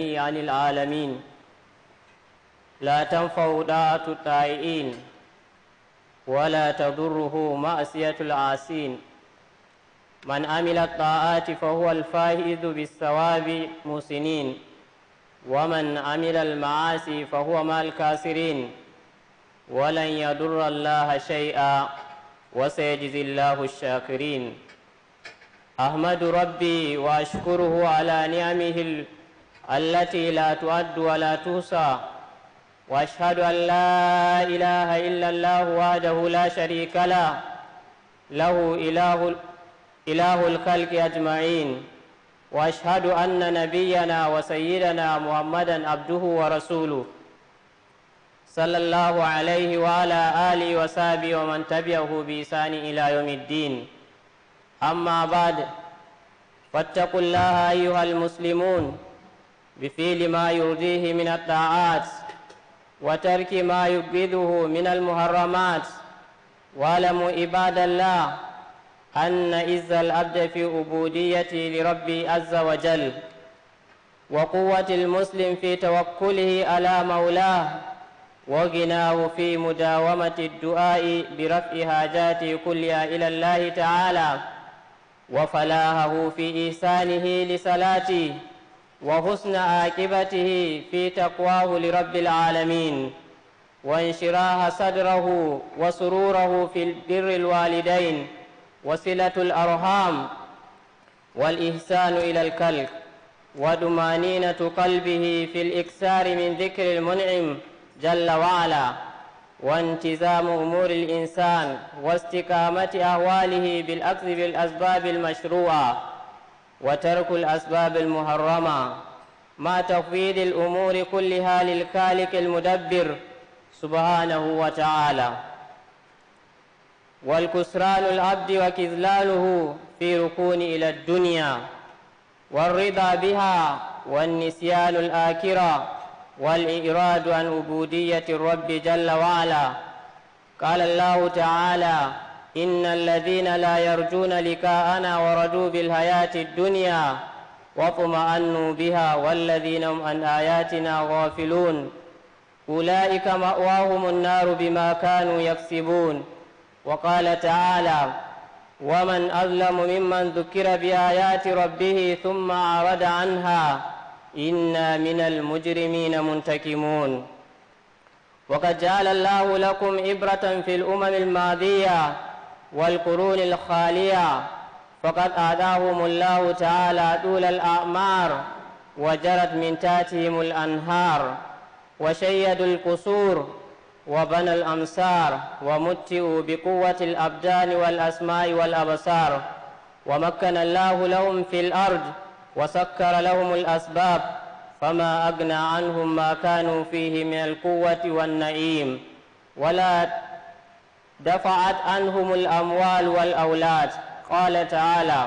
عن العالمين لا تنفع دعاة الطائعين ولا تضره مأسية العاسين من عمل الطاعات فهو الفائز بالثواب مسنين ومن عمل المعاصي فهو مع الكاسرين ولن يضر الله شيئا وسيجزي الله الشاكرين أحمد ربي وأشكره على نعمه التي لا تعد ولا توصى واشهد ان لا اله الا الله وحده لا شريك له له اله اله الخلق اجمعين واشهد ان نبينا وسيدنا محمدا عبده ورسوله صلى الله عليه وعلى اله وصحبه ومن تبعه باحسان الى يوم الدين اما بعد فاتقوا الله ايها المسلمون بفعل ما يرضيه من الطاعات وترك ما يبغضه من المحرمات واعلموا عباد الله أن عز العبد في عبوديته لربي عز وجل وقوة المسلم في توكله على مولاه وغناه في مداومة الدعاء برفع حاجاته كلها إلى الله تعالى وفلاحه في إحسانه لصلاته وحسن عاقبته في تقواه لرب العالمين وانشراح صدره وسروره في بر الوالدين وصلة الأرحام والإحسان إلى الكلب ودمانينة قلبه في الإكثار من ذكر المنعم جل وعلا وانتزام أمور الإنسان واستقامة أهواله بالأخذ بالأسباب المشروعة وترك الأسباب المحرمة مع تفويض الأمور كلها للكالك المدبر سبحانه وتعالى والكسران العبد وكذلاله في ركون إلى الدنيا والرضا بها والنسيان الآكرة والإراد عن عبودية الرب جل وعلا قال الله تعالى إن الذين لا يرجون لقاءنا ورجوا بالحياة الدنيا واطمأنوا بها والذين هم عن آياتنا غافلون أولئك مأواهم النار بما كانوا يكسبون وقال تعالى ومن أظلم ممن ذكر بآيات ربه ثم أعرض عنها إنا من المجرمين منتكمون وقد جعل الله لكم إبرة في الأمم الماضية والقرون الخالية فقد آذاهم الله تعالى طول الأعمار وجرت من تاتهم الأنهار وشيدوا القصور وبنى الأمصار ومتئوا بقوة الأبدان والأسماء والأبصار ومكن الله لهم في الأرض وسكر لهم الأسباب فما أغنى عنهم ما كانوا فيه من القوة والنعيم ولا دفعت عنهم الأموال والأولاد قال تعالى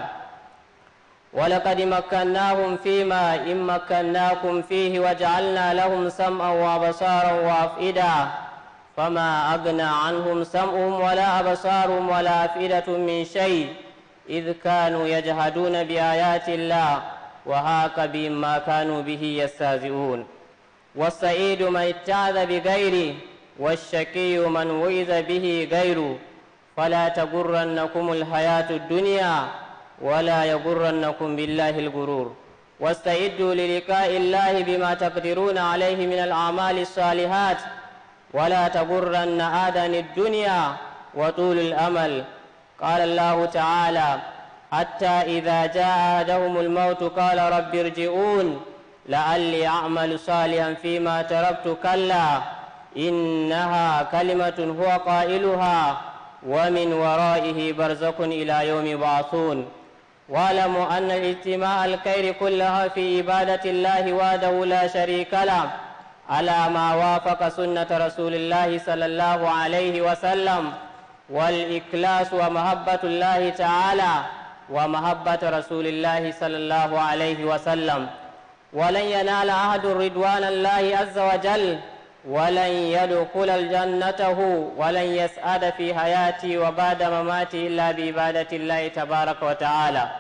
ولقد مكناهم فيما إن مكناكم فيه وجعلنا لهم سمعا وأبصارا وأفئدة فما أغنى عنهم سمعهم ولا أبصارهم ولا أفئدة من شيء إذ كانوا يجهدون بآيات الله وهاك بما كانوا به يستهزئون والسعيد من اتعذ بغيره والشكي من وئذ به غيره فلا تغرنكم الحياة الدنيا ولا يغرنكم بالله الغرور واستعدوا للقاء الله بما تقدرون عليه من الأعمال الصالحات ولا تغرن آذان الدنيا وطول الأمل قال الله تعالى حتى إذا جاء أحدهم الموت قال رب ارجعون لعلي أعمل صالحا فيما تركت كلا إنها كلمة هو قائلها ومن ورائه برزق إلى يوم بعثون واعلموا أن الاجتماع الخير كلها في عبادة الله وحده لا شريك له على ما وافق سنة رسول الله صلى الله عليه وسلم والإكلاس ومحبة الله تعالى ومحبة رسول الله صلى الله عليه وسلم ولن ينال أحد رضوان الله عز وجل ولن يدخل الجنة ولن يسعد في حياتي وبعد مماتي إلا بعبادة الله تبارك وتعالى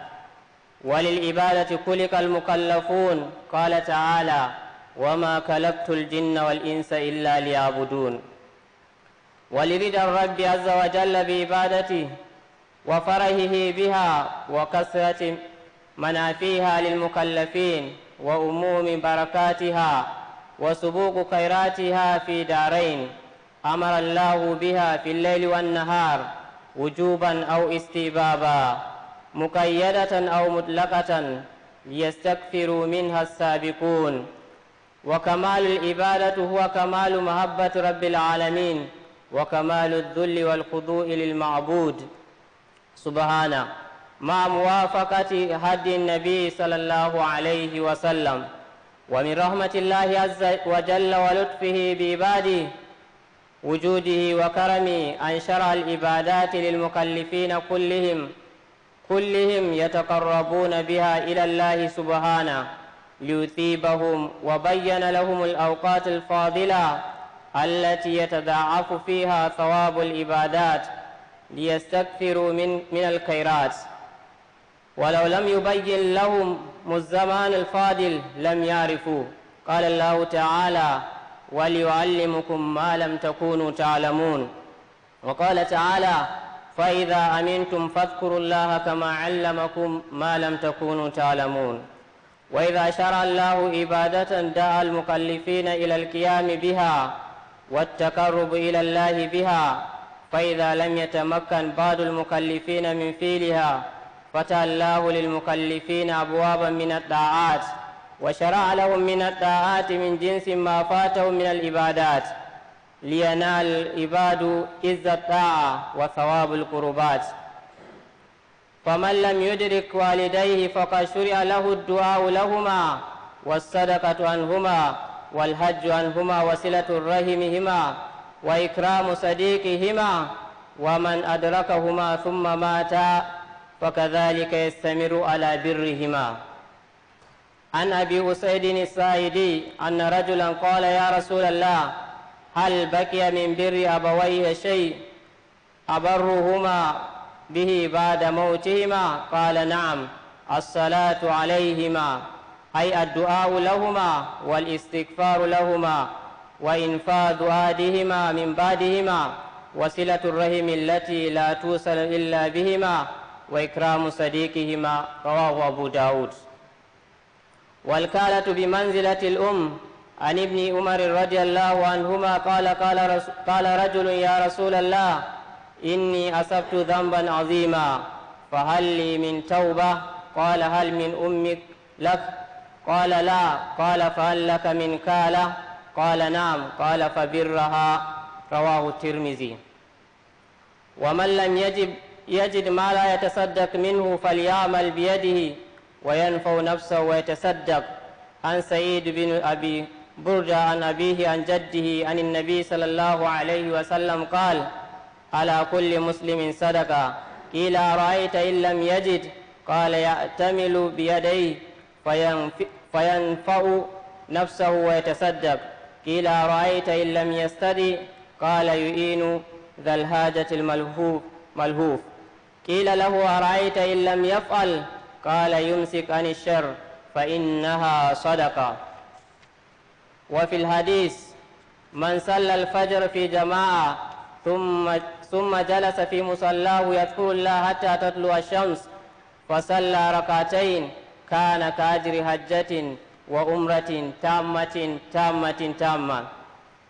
وللعبادة خلق المكلفون قال تعالى وما كلبت الجن والإنس إلا ليعبدون ولرد الرب عز وجل بعبادته وفرحه بها وكثرة منافيها للمكلفين وأموم بركاتها وسبوق خيراتها في دارين أمر الله بها في الليل والنهار وجوبا أو استيبابا مقيدة أو مطلقة ليستكثروا منها السابقون وكمال الإبادة هو كمال محبة رب العالمين وكمال الذل والخضوع للمعبود سبحانه مع موافقة هدي النبي صلى الله عليه وسلم ومن رحمة الله عز وجل ولطفه بعباده وجوده وكرمه أن شرع العبادات للمكلفين كلهم كلهم يتقربون بها إلى الله سبحانه ليثيبهم وبين لهم الأوقات الفاضلة التي يتضاعف فيها ثواب العبادات ليستكثروا من من الخيرات ولو لم يبين لهم الزمان الفاضل لم يعرفوا قال الله تعالى وليعلمكم ما لم تكونوا تعلمون وقال تعالى فإذا أمنتم فاذكروا الله كما علمكم ما لم تكونوا تعلمون وإذا شرع الله عبادة دعا المكلفين إلى القيام بها والتقرب إلى الله بها فإذا لم يتمكن بعض المكلفين من فعلها فتح الله للمكلفين أبوابا من الطاعات وشرع لهم من الطاعات من جنس ما فاتهم من العبادات لينال العباد إذ الطاعة وثواب القربات فمن لم يدرك والديه فقد شرع له الدعاء لهما والصدقة عنهما والحج عنهما وصلة رحمهما وإكرام صديقهما ومن أدركهما ثم مات وكذلك يستمر على برهما عن أبي أسيد السائدي أن رجلا قال يا رسول الله هل بكي من بر أبوي شيء أبرهما به بعد موتهما قال نعم الصلاة عليهما أي الدعاء لهما والاستغفار لهما وإنفاذ آدهما من بعدهما وصلة الرحم التي لا توصل إلا بهما وإكرام صديقهما رواه أبو داود والكالة بمنزلة الأم عن ابن عمر رضي الله عنهما قال قال, قال رجل يا رسول الله إني أصبت ذنبا عظيما فهل لي من توبة قال هل من أمك لك قال لا قال فهل لك من كالة قال نعم قال فبرها رواه الترمذي ومن لم يجب يجد ما لا يتصدق منه فليعمل بيده وينفع نفسه ويتصدق عن سعيد بن أبي بردة عن أبيه عن جده عن النبي صلى الله عليه وسلم قال على كل مسلم صدقة قيل أرأيت إن لم يجد قال يأتمل بيديه فينفع نفسه ويتصدق قيل أرأيت إن لم يستدي قال يؤين ذا الهاجة الملهوف ملهوف قيل له أرأيت إن لم يفعل قال يمسك عن الشر فإنها صدقة وفي الحديث من صلى الفجر في جماعة ثم ثم جلس في مصلاه يذكر الله حتى تطلع الشمس فصلى ركعتين كان كأجر حجة وأمرة تامة تامة تامة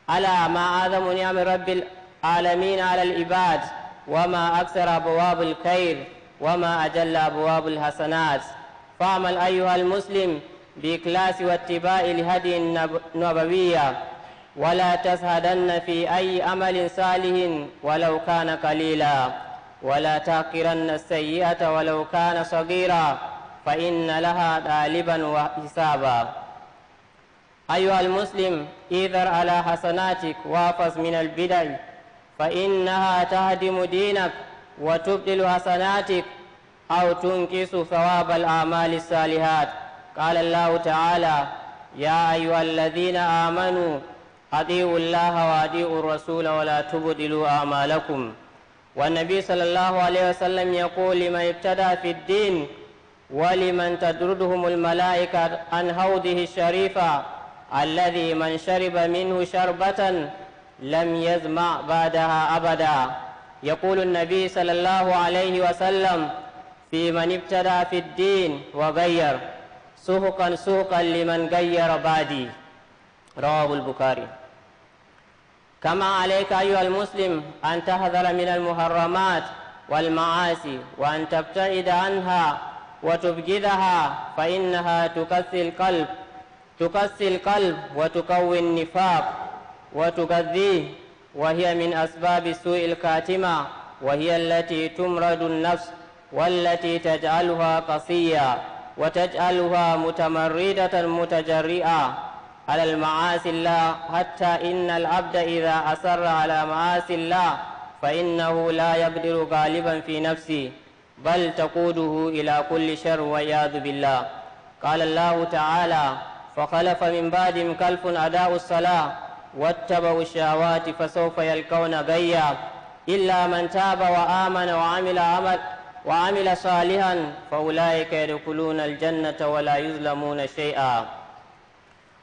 ألا ما أعظم نعم رب العالمين على العباد وما أكثر أبواب الخير وما أجل أبواب الحسنات فاعمل أيها المسلم بإخلاص واتباع الهدي النبوية ولا تزهدن في أي عمل صالح ولو كان قليلا ولا تحقرن السيئة ولو كان صغيرا فإن لها غالبا وحسابا أيها المسلم إذر على حسناتك وافز من البدع فإنها تهدم دينك وتبطل حسناتك أو تنكس ثواب الأعمال الصالحات قال الله تعالى يا أيها الذين آمنوا أطيعوا الله وأطيعوا الرسول ولا تبدلوا أعمالكم والنبي صلى الله عليه وسلم يقول لمن ابتدى في الدين ولمن تدردهم الملائكة عن هوده الشريفة الذي من شرب منه شربة لم يزمع بعدها أبدا يقول النبي صلى الله عليه وسلم في من ابتدى في الدين وغير سوقا سوقا لمن غير بعدي رواه البخاري كما عليك أيها المسلم أن تحذر من المحرمات والمعاصي وأن تبتعد عنها وتبجدها فإنها تكسي القلب تكسي القلب وتكوي النفاق وتغذيه وهي من أسباب سوء الكاتمة وهي التي تمرد النفس والتي تجعلها قصية وتجعلها متمردة متجرئة على المعاصي الله حتى إن العبد إذا أصر على معاصي الله فإنه لا يقدر غالبا في نفسه بل تقوده إلى كل شر والعياذ بالله قال الله تعالى فخلف من بعدهم كلف أداء الصلاة واتبعوا الشهوات فسوف يلقون غيا إلا من تاب وآمن وعمل عمل وعمل صالحا فأولئك يدخلون الجنة ولا يظلمون شيئا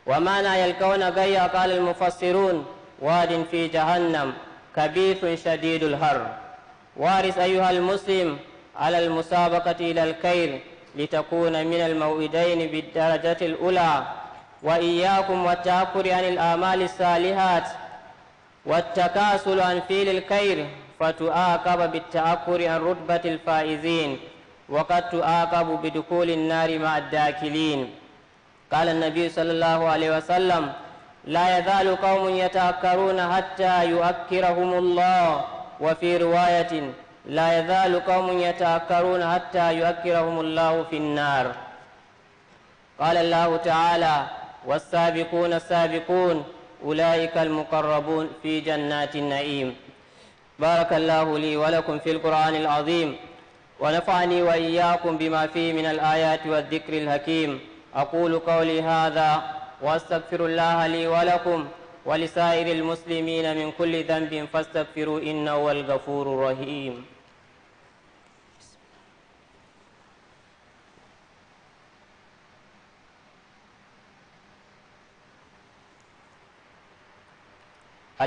ومعنى يلقون غيا قال المفسرون واد في جهنم كبيث شديد الهر وارث أيها المسلم على المسابقة إلى الكيل لتكون من الموئدين بالدرجة الأولى وإياكم والتأكر عن الآمال الصالحات والتكاسل عن فيل الكير فتؤاكب بالتأكر عن رتبة الفائزين وقد تؤاكب بدخول النار مع الداكلين قال النبي صلى الله عليه وسلم لا يزال قوم يتأكرون حتى يؤكرهم الله وفي رواية لا يزال قوم يتأكرون حتى يؤكرهم الله في النار قال الله تعالى والسابقون السابقون أولئك المقربون في جنات النعيم بارك الله لي ولكم في القرآن العظيم ونفعني وإياكم بما فيه من الآيات والذكر الحكيم أقول قولي هذا وأستغفر الله لي ولكم ولسائر المسلمين من كل ذنب فاستغفروا إنه هو الغفور الرحيم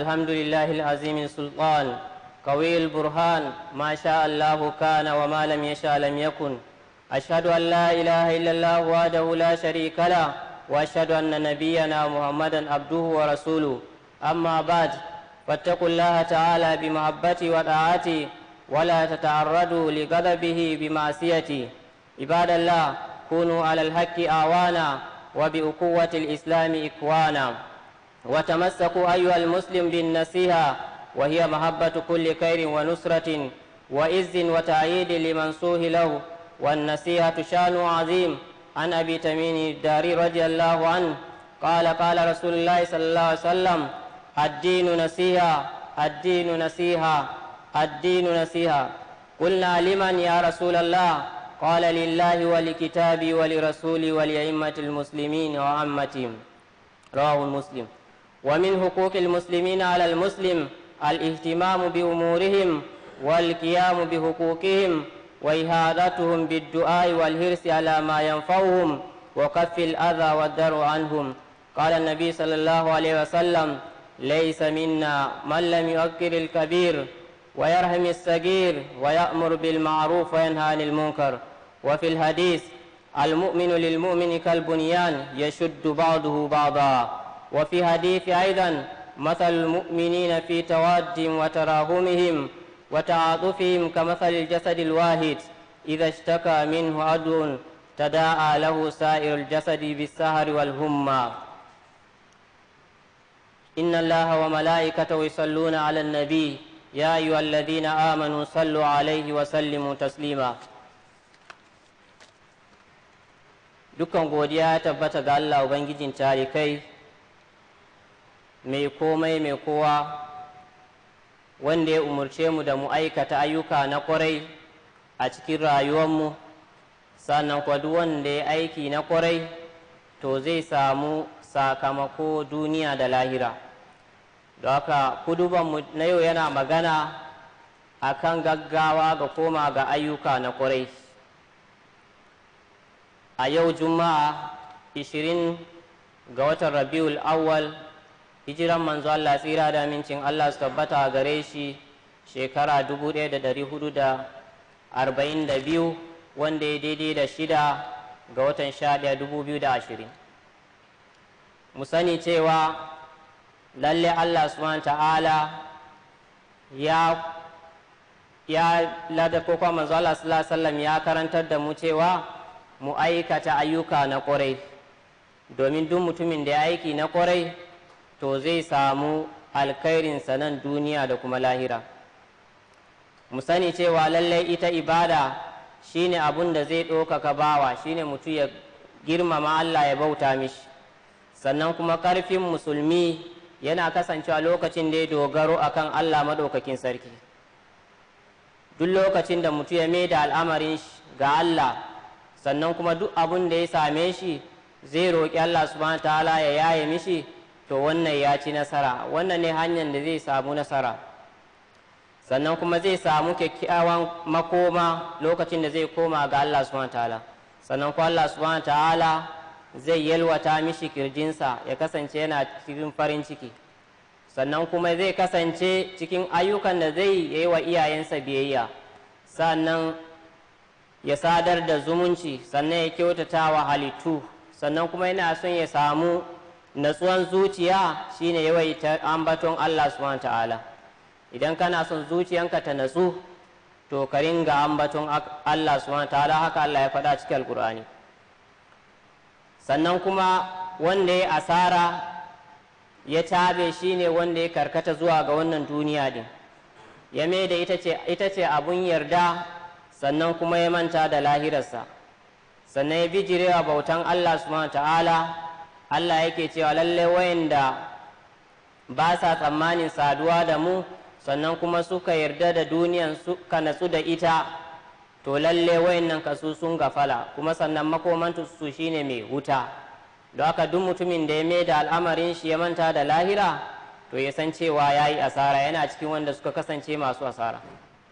الحمد لله العظيم السلطان قوي البرهان ما شاء الله كان وما لم يشاء لم يكن أشهد أن لا إله إلا الله وحده لا شريك له وأشهد أن نبينا محمدا عبده ورسوله أما بعد فاتقوا الله تعالى بمحبتي وطاعتي ولا تتعرضوا لغضبه بمعصيتي عباد الله كونوا على الحق أعوانا وبأقوة الإسلام إكوانا وتمسكوا أيها المسلم بالنسيها وهي محبة كل خير ونصرة وإز وتعييد لمن سوه له والنسيها شان عظيم عن أبي تميم الداري رضي الله عنه قال قال رسول الله صلى الله عليه وسلم الدين نسيها الدين نسيها الدين نسيها قلنا لمن يا رسول الله قال لله ولكتابي ولرسولي ولأئمة المسلمين وعمتهم رواه مسلم ومن حقوق المسلمين على المسلم الاهتمام بأمورهم والقيام بحقوقهم وإهادتهم بالدعاء والحرص على ما ينفعهم وكف الأذى والذر عنهم قال النبي صلى الله عليه وسلم ليس منا من لم يؤكر الكبير ويرحم الصغير ويأمر بالمعروف وينهى عن المنكر وفي الحديث المؤمن للمؤمن كالبنيان يشد بعضه بعضا وفي حديث أيضا مثل المؤمنين في توادهم وتراهمهم وتعاطفهم كمثل الجسد الواحد إذا اشتكى منه عدو تداعى له سائر الجسد بالسهر والهمة إن الله وملائكته يصلون على النبي يا أيها الذين آمنوا صلوا عليه وسلموا تسليما dukkan godiya ya tabbata ga Allah Ubangijin tarikai mai komai mai kowa wanda ya umarce mu da mu aikata ayyuka na kwarai a cikin rayuwarmu sannan kwadu wanda ya aiki na kwarai to zai samu sakamako duniya da lahira da haka kudubanmu na yau yana magana a kan gaggawa ga koma ga ayyuka na kwarai a yau juma'a 20 ga watan rabiul awwal hijiran manzo Allah tsira da amincin Allah su tabbata a gare shi shekara 1442 wanda ya daidai da shida ga watan ashirin. mu sani cewa lalle Allah su ta'ala ya ya lada ko kuma manzo Allah sallallahu alaihi wasallam ya karantar da mu cewa mu aikata ayyuka na kwarai domin duk mutumin da ya aiki na kwarai to zai samu alkhairinsa nan duniya da kuma lahira mu sani cewa lallai ita ibada shine abun da zai ɗaukaka bawa shine mutum ya girmama Allah ya bauta mishi sannan kuma ƙarfin musulmi yana kasancewa lokacin da ya dogaro akan Allah maɗaukakin sarki duk lokacin da mutum ya maida al'amarin ga Allah sannan kuma duk abun da ya same shi zai roƙi Allah subhanahu ta'ala ya yaye mishi to wannan ya ci nasara wannan ne hanyar da zai samu nasara sannan kuma zai samu kyakkyawan makoma lokacin da zai koma ga Allah subhanahu ta'ala sannan kuma Allah subhanahu ta'ala zai yalwata mishi kirjinsa ya kasance yana cikin farin ciki sannan kuma zai kasance cikin ayyukan da zai yi wa iyayensa biyayya sannan ya sadar da zumunci sannan ya kyautata wa halittu sannan kuma yana son ya samu natsuwan zuciya shine yawaita ambaton Allah subhanahu ta'ala idan kana son zuciyanka ta natsu to ka ringa ambaton Allah subhanahu ta'ala haka Allah ya faɗa cikin alkur'ani sannan kuma wanda ya asara ya tabe shine wanda ya karkata zuwa ga wannan duniya din ya mai da ita ce abun yarda sannan kuma ya manta da lahirarsa sannan ya bijirewa bautan Allah subhanahu ta'ala Allah yake cewa lalle wayanda ba sa tsammanin saduwa da mu sannan kuma suka yarda da duniyan suka natsu da ita to lalle wayannan kasu sun gafala kuma sannan makoman su shine mai huta don haka duk mutumin da ya mai da al'amarin shi ya manta da lahira to ya san cewa ya yi asara yana cikin wanda suka kasance masu asara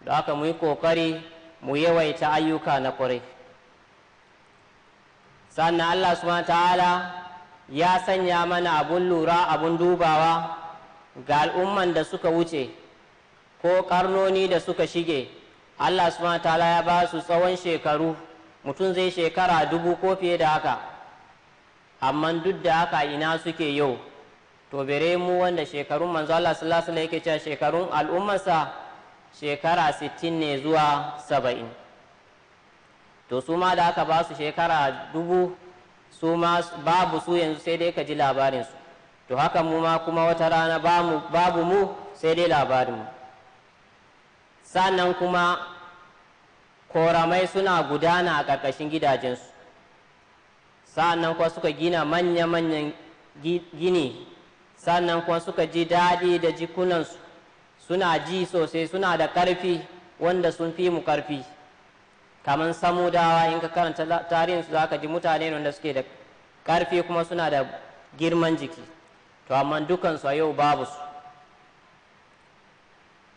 don haka mu yi kokari mu yawaita ayyuka na kwarai sannan allah subhanahu ta'ala ya sanya mana abun lura abun dubawa ga al'umman da suka wuce ko karnoni da suka shige allah su ta'ala ya ba su tsawon shekaru mutum zai shekara dubu ko fiye da haka amma duk da haka ina suke yau to bere mu wanda shekarun manzo allah sallallahu alaihi yake cewa shekarun al'ummarsa shekara sittin ne zuwa saba'in to su ma da aka ba su shekara dubu su ma babu su yanzu sai dai ka ji labarinsu to haka mu ma kuma wata rana babu mu sai dai labarin mu. sannan kuma koramai suna gudana a ƙarƙashin gidajensu sannan kuwa suka gina manya-manyan gini sannan kuwa suka ji daɗi da jikunansu suna ji sosai suna da ƙarfi wanda sun fi mu ƙarfi kamar samudawa in ka karanta tarihinsu za ka ji mutane wanda suke da karfi kuma suna da girman jiki to amma dukansu a yau babu su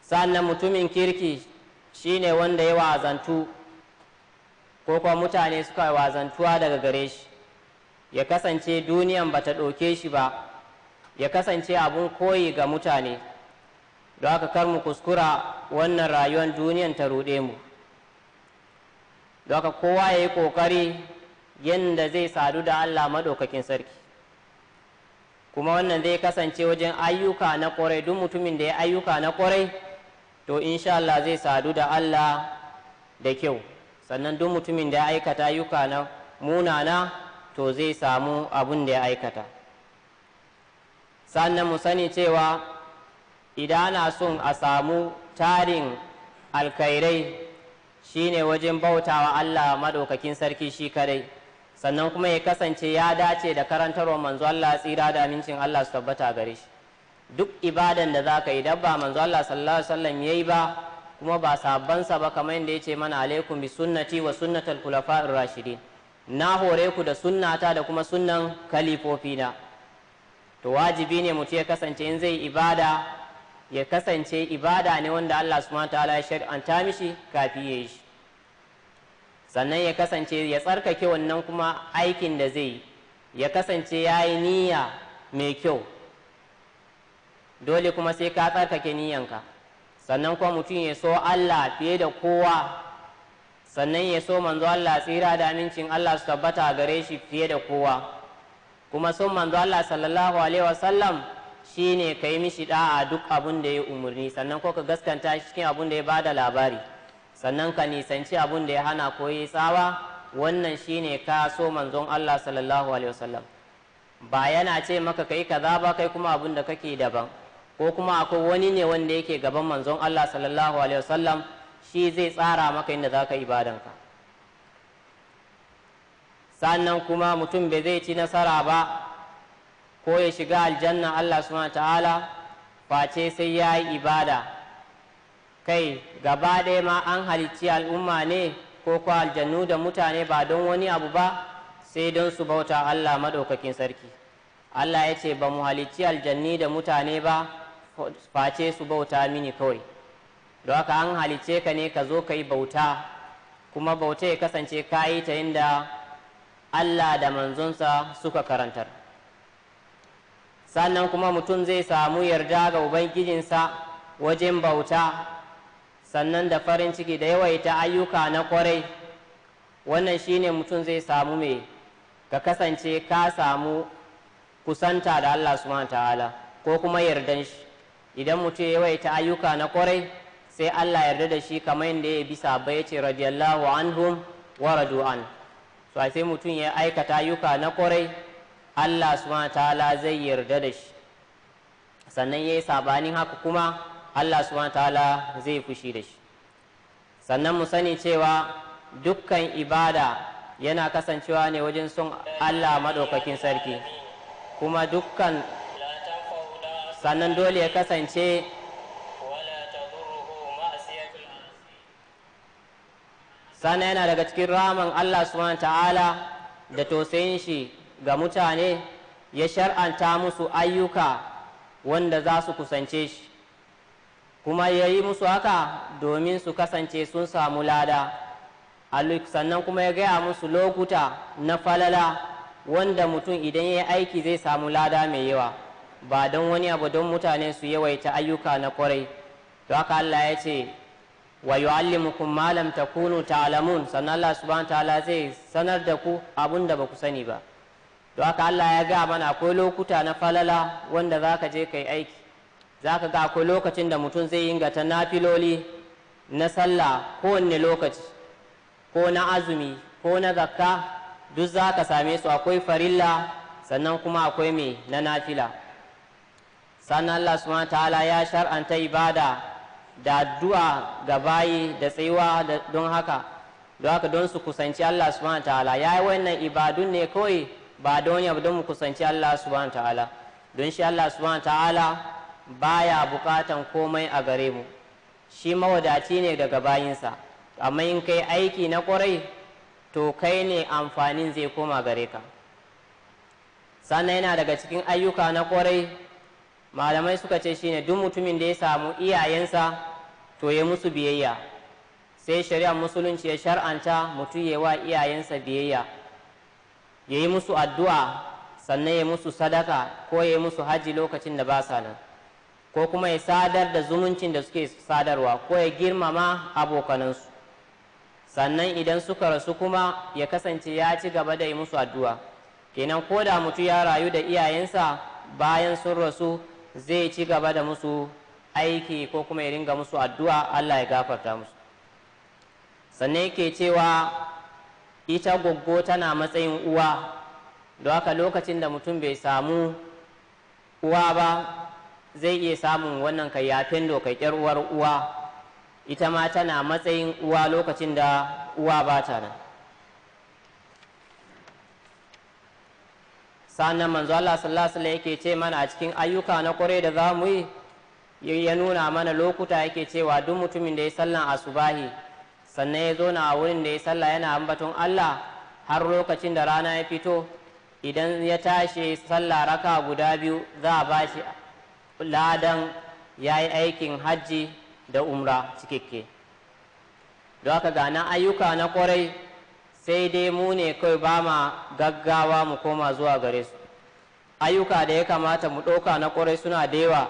sannan mutumin kirki shine wanda ya wazantu ko kuma mutane suka wazantuwa daga gare shi ya kasance duniyan bata ɗauke shi ba ya kasance abun koyi ga mutane don haka kar mu kuskura wannan rayuwar duniyan ta ruɗe mu daga kowa ya yi ƙoƙari yadda zai sadu da Allah maɗaukakin sarki kuma wannan zai kasance wajen ayyuka na ƙwarai duk mutumin da ya ayyuka na ƙwarai to insha Allah zai sadu da Allah da kyau sannan duk mutumin da ya aikata ayyuka na munana to zai samu abun da ya aikata sannan mu sani cewa idan ana son a samu tarin alkairai shine wajen bautawa Allah madaukakin sarki shi kadai sannan kuma ya kasance ya dace da karantarwa manzo Allah tsira da amincin Allah su tabbata gare shi duk ibadan da zaka yi dabba manzo Allah sallallahu alaihi wasallam yayi ba kuma ba sabansa ba kamar yadda yace mana alaikum bi sunnati wa sunnatul khulafa'ir rashidin na hore ku da sunnata da kuma sunnan kalifofina to wajibi ne mutum ya kasance in zai ibada ya kasance ibada ne wanda Allah subhanahu ta'ala ya shar'anta mishi kafi ya yi shi sannan ya kasance ya tsarkake wannan kuma aikin da zai yi ya kasance ya yi niyya mai kyau dole kuma sai ka tsarkake niyyanka sannan kuma mutum ya so Allah fiye da kowa sannan ya so manzo Allah tsira da amincin Allah su tabbata gare shi fiye da kowa kuma son manzo Allah sallallahu alaihi wasallam Shi ne ka yi mishi da'a duk abun da ya umarni sannan ko ka gaskanta shi cikin abun da ya bada labari sannan ka nisanci abun da ya hana ko ya tsawa wannan ne ka so manzon Allah sallallahu alaihi wasallam ba yana ce maka kai kaza ba kai kuma abun da kake daban ko kuma akwai wani ne wanda yake gaban manzon Allah sallallahu alaihi wasallam shi zai tsara maka inda za ka ibadanka sannan kuma mutum bai zai ci nasara ba ko ya shiga aljanna Allah suna ta'ala face sai ya yi ibada kai gaba ɗaya ma an halicci al'umma ne ko ko aljannu da mutane ba don wani abu ba sai don su bauta Allah maɗaukakin sarki Allah ya ce ba mu halicci aljanni da mutane ba face su bauta mini kawai don haka an halicce ka ne ka zo ka yi bauta kuma bauta ya kasance ka yi ta inda Allah da manzonsa suka karantar sannan kuma mutum zai samu yarda ga ubangijinsa wajen bauta sannan da farin ciki da yawaita ayyuka na kwarai wannan shine mutum zai samu mai ka kasance ka samu kusanta da Allah subhanahu ta'ala ko kuma yardan shi idan mutum ya yawaita ayyuka na kwarai sai Allah yarda da shi kamar yadda ya bisa bai ce radiyallahu anhum wa radu'an so sai mutum ya aikata ayyuka na kwarai Allah subhanahu ta'ala zai yarda da shi sannan ya yi sabanin haka kuma Allah subhanahu ta'ala zai fushi da shi sannan mu sani cewa dukkan ibada yana kasancewa ne wajen son Allah maɗaukakin sarki kuma dukkan sannan dole ya kasance sannan yana daga cikin ramin Allah subhanahu ta'ala da tausayin shi ga mutane ya shar'anta musu ayyuka wanda za su kusance shi kuma ya yi musu haka domin su kasance sun samu lada sannan kuma ya gaya musu lokuta na falala wanda mutum idan ya yi aiki zai samu lada mai yawa ba don wani abu don mutane su yawaita ayyuka na kwarai to haka Allah ya ce wa malam ma lam takunu ta'lamun sannan Allah subhanahu ta ta'ala zai sanar da ku abun da ba ku sani ba to haka Allah ya ga mana akwai lokuta na falala wanda za ka je ka aiki za ka ga akwai lokacin da mutum zai inganta nafiloli na sallah ko wanne lokaci ko na azumi ko na zakka duk za ka same su akwai farilla sannan kuma akwai mai na nafila sannan Allah subhanahu ta'ala ya shar'anta ibada da addu'a ga bayi da tsayuwa don haka don haka don su kusanci Allah subhanahu ta'ala ya yi wannan ibadun ne kawai ba don ya don mu kusanci Allah subhanahu ta'ala don shi Allah subhanahu ta'ala baya bukatan komai a gare mu shi mawadaci ne daga bayinsa amma in kai aiki na kwarai to kai ne amfanin zai koma gare ka sannan yana daga cikin ayyuka na kwarai malamai suka ce shine duk mutumin da ya samu iyayensa to ya musu biyayya sai shari'ar musulunci ya shar'anta mutum ya wa iyayensa biyayya ya yi musu addu'a sannan ya musu sadaka ko ya yi musu haji lokacin da ba sa nan ko kuma ya sadar da zumuncin da suke sadarwa ko ya girmama abokanansu sannan idan suka rasu kuma ya kasance ya ci gaba da yi musu addu'a kenan ko da mutu ya rayu da iyayensa bayan sun rasu zai ci gaba da musu aiki ko kuma ya ringa musu addu'a Allah ya gafarta musu sannan yake cewa ita goggo tana matsayin uwa da haka lokacin da mutum bai samu uwa ba zai iya samun wannan kai yafin do kai uwar uwa ita ma tana matsayin uwa lokacin da uwa ba ta nan sannan manzo Allah sallallahu alaihi yake ce mana a cikin ayyuka na kwarai da za mu yi ya nuna mana lokuta yake cewa duk mutumin da ya sallan asubahi sannan ya zo na wurin da ya sallah yana ambaton Allah har lokacin da rana ya fito idan ya tashi sallah raka guda biyu za a ba shi ladan ya yi aikin hajji da umra cikakke don haka ga ayyuka na kwarai sai dai mu ne kawai ba ma gaggawa mu koma zuwa gare su ayyuka da ya kamata mu ɗauka na kwarai suna da yawa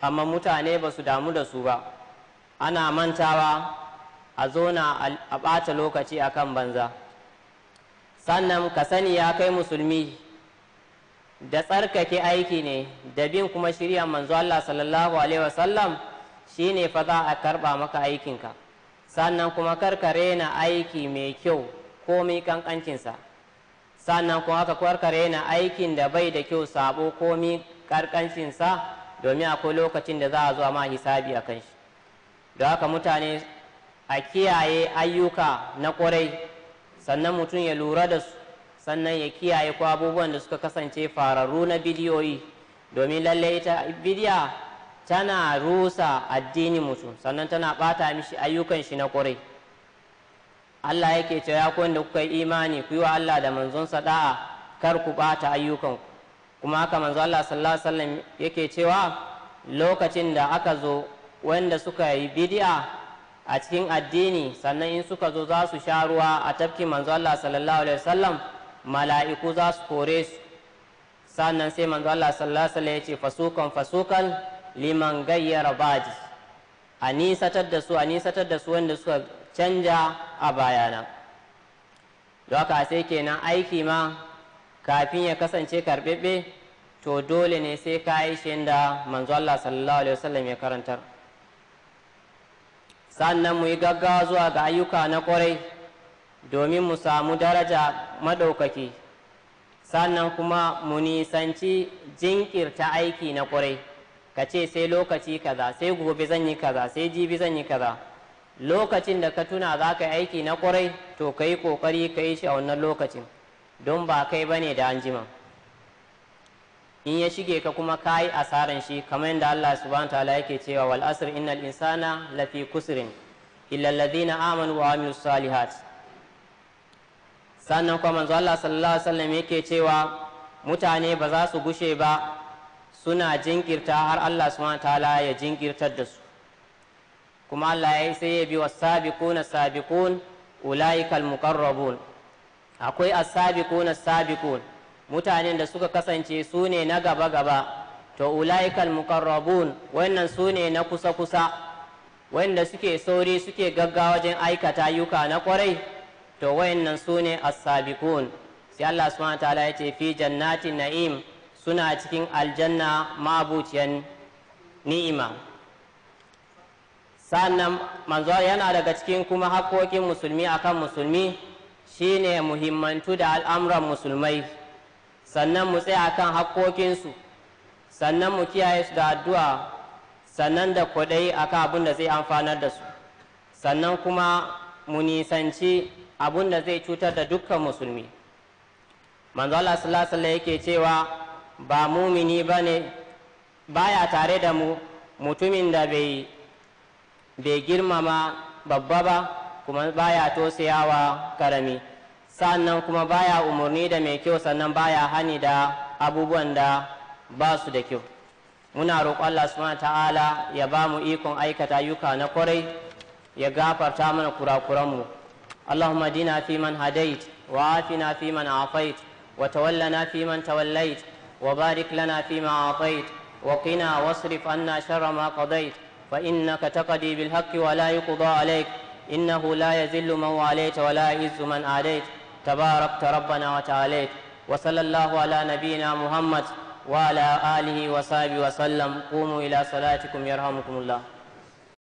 amma mutane ba su damu da su ba ana mantawa a zona a ɓata lokaci a kan banza sannan ka sani ya kai musulmi da tsarkake aiki ne da bin kuma shirya manzo Allah sallallahu alaihi wasallam shine fa za a karɓa maka aikinka sannan kuma karkare na aiki mai kyau komai ƙanƙancinsa sannan kuma ka karkare na aikin da bai da kyau sabo komai ƙanƙancinsa domin akwai lokacin da za a zo ma hisabi a kan shi da haka mutane a kiyaye ayyuka na kwarai sannan mutum ya lura da su sannan ya kiyaye ko abubuwan da suka kasance fararru na bidiyoyi domin lallai ita bidiya tana rusa addini mutum sannan tana ɓata mishi ayyukan shi na kwarai Allah yake cewa ku da kuka yi imani ku yi wa Allah da manzonsa da'a kar ku ɓata ayyukanku kuma haka manzo Allah sallallahu alaihi wasallam yake cewa lokacin da aka zo wanda suka yi bid'a a cikin addini sannan in suka zo za su sha ruwa a tafki manzo Allah sallallahu alaihi wasallam mala'iku za su kore su sannan sai manzo Allah sallallahu alaihi wasallam ya ce fasukan fasukan liman gayyara baji a nisatar da su a nisatar da su wanda suka canja a bayana haka sai kenan aiki ma kafin ya kasance karbebe to dole ne sai ka yi shi da manzo Allah sallallahu alaihi wasallam ya karantar sannan mu yi gaggawa zuwa ga ayyuka na kwarai domin mu samu daraja maɗaukaki sannan kuma mu nisanci jinkirta aiki na kwarai ka ce sai lokaci kaza sai gobe zan yi kaza sai jibi zan yi kaza lokacin da ka tuna za ka yi aiki na kwarai to ka yi ƙoƙari ka yi shi a wannan lokacin don ba kai ba ne da anjima. in ya shige ka kuma ka yi asaran shi kamar yadda Allah subhanahu ta'ala yake cewa wal asr innal insana lafi kusrin illa alladhina amanu wa amilus salihat sannan kuma manzo Allah sallallahu alaihi wasallam yake cewa mutane ba za su gushe ba suna jinkirta har Allah subhanahu ta'ala ya jinkirtar da su kuma Allah ya sai ya bi wasabiquna sabiqun ulaikal muqarrabun akwai as-sabiquna sabiqun mutanen da suka kasance su ne na gaba-gaba to ula'ikal muqarrabun wannan su ne na kusa-kusa wanda suke sauri suke gaggawa wajen aikata ayyuka na kwarai to wayannan su ne as-sabiqun sai Allah subhanahu ta'ala yace fi jannatin na'im suna cikin aljanna mabuciyan ni'ima sannan manzo yana daga cikin kuma haƙƙoƙin musulmi akan musulmi shine muhimmantu da al'amuran musulmai sannan mu tsaya kan haƙƙoƙinsu sannan mu kiyaye su da addu'a sannan da kwaɗayi a kan abin da zai amfanar da su sannan kuma mu nisanci abin da zai cutar da dukkan musulmi manzo Allah sallallahu alaihi yake cewa ba mumini bane baya tare da mu mutumin da bai girmama babba ba kuma baya tausayawa karami sa'annan kuma baya umarni da mai kyau sannan baya hani da abubuwan da ba su da kyau muna roƙon Allah subhanahu ta'ala ya ba mu ikon aikata ayyuka na kwarai ya gafarta mana kurakuranmu اللهم دينا في من هديت وعافنا في من عافيت وتولنا في من توليت وبارك لنا فيما أعطيت وقنا واصرف عنا شر ما قضيت فإنك تقضي بالحق ولا يقضى عليك إنه لا يذل من واليت ولا يعز من عاديت تباركت ربنا وتعاليت وصلى الله على نبينا محمد وعلى آله وصحبه وسلم قوموا إلى صلاتكم يرحمكم الله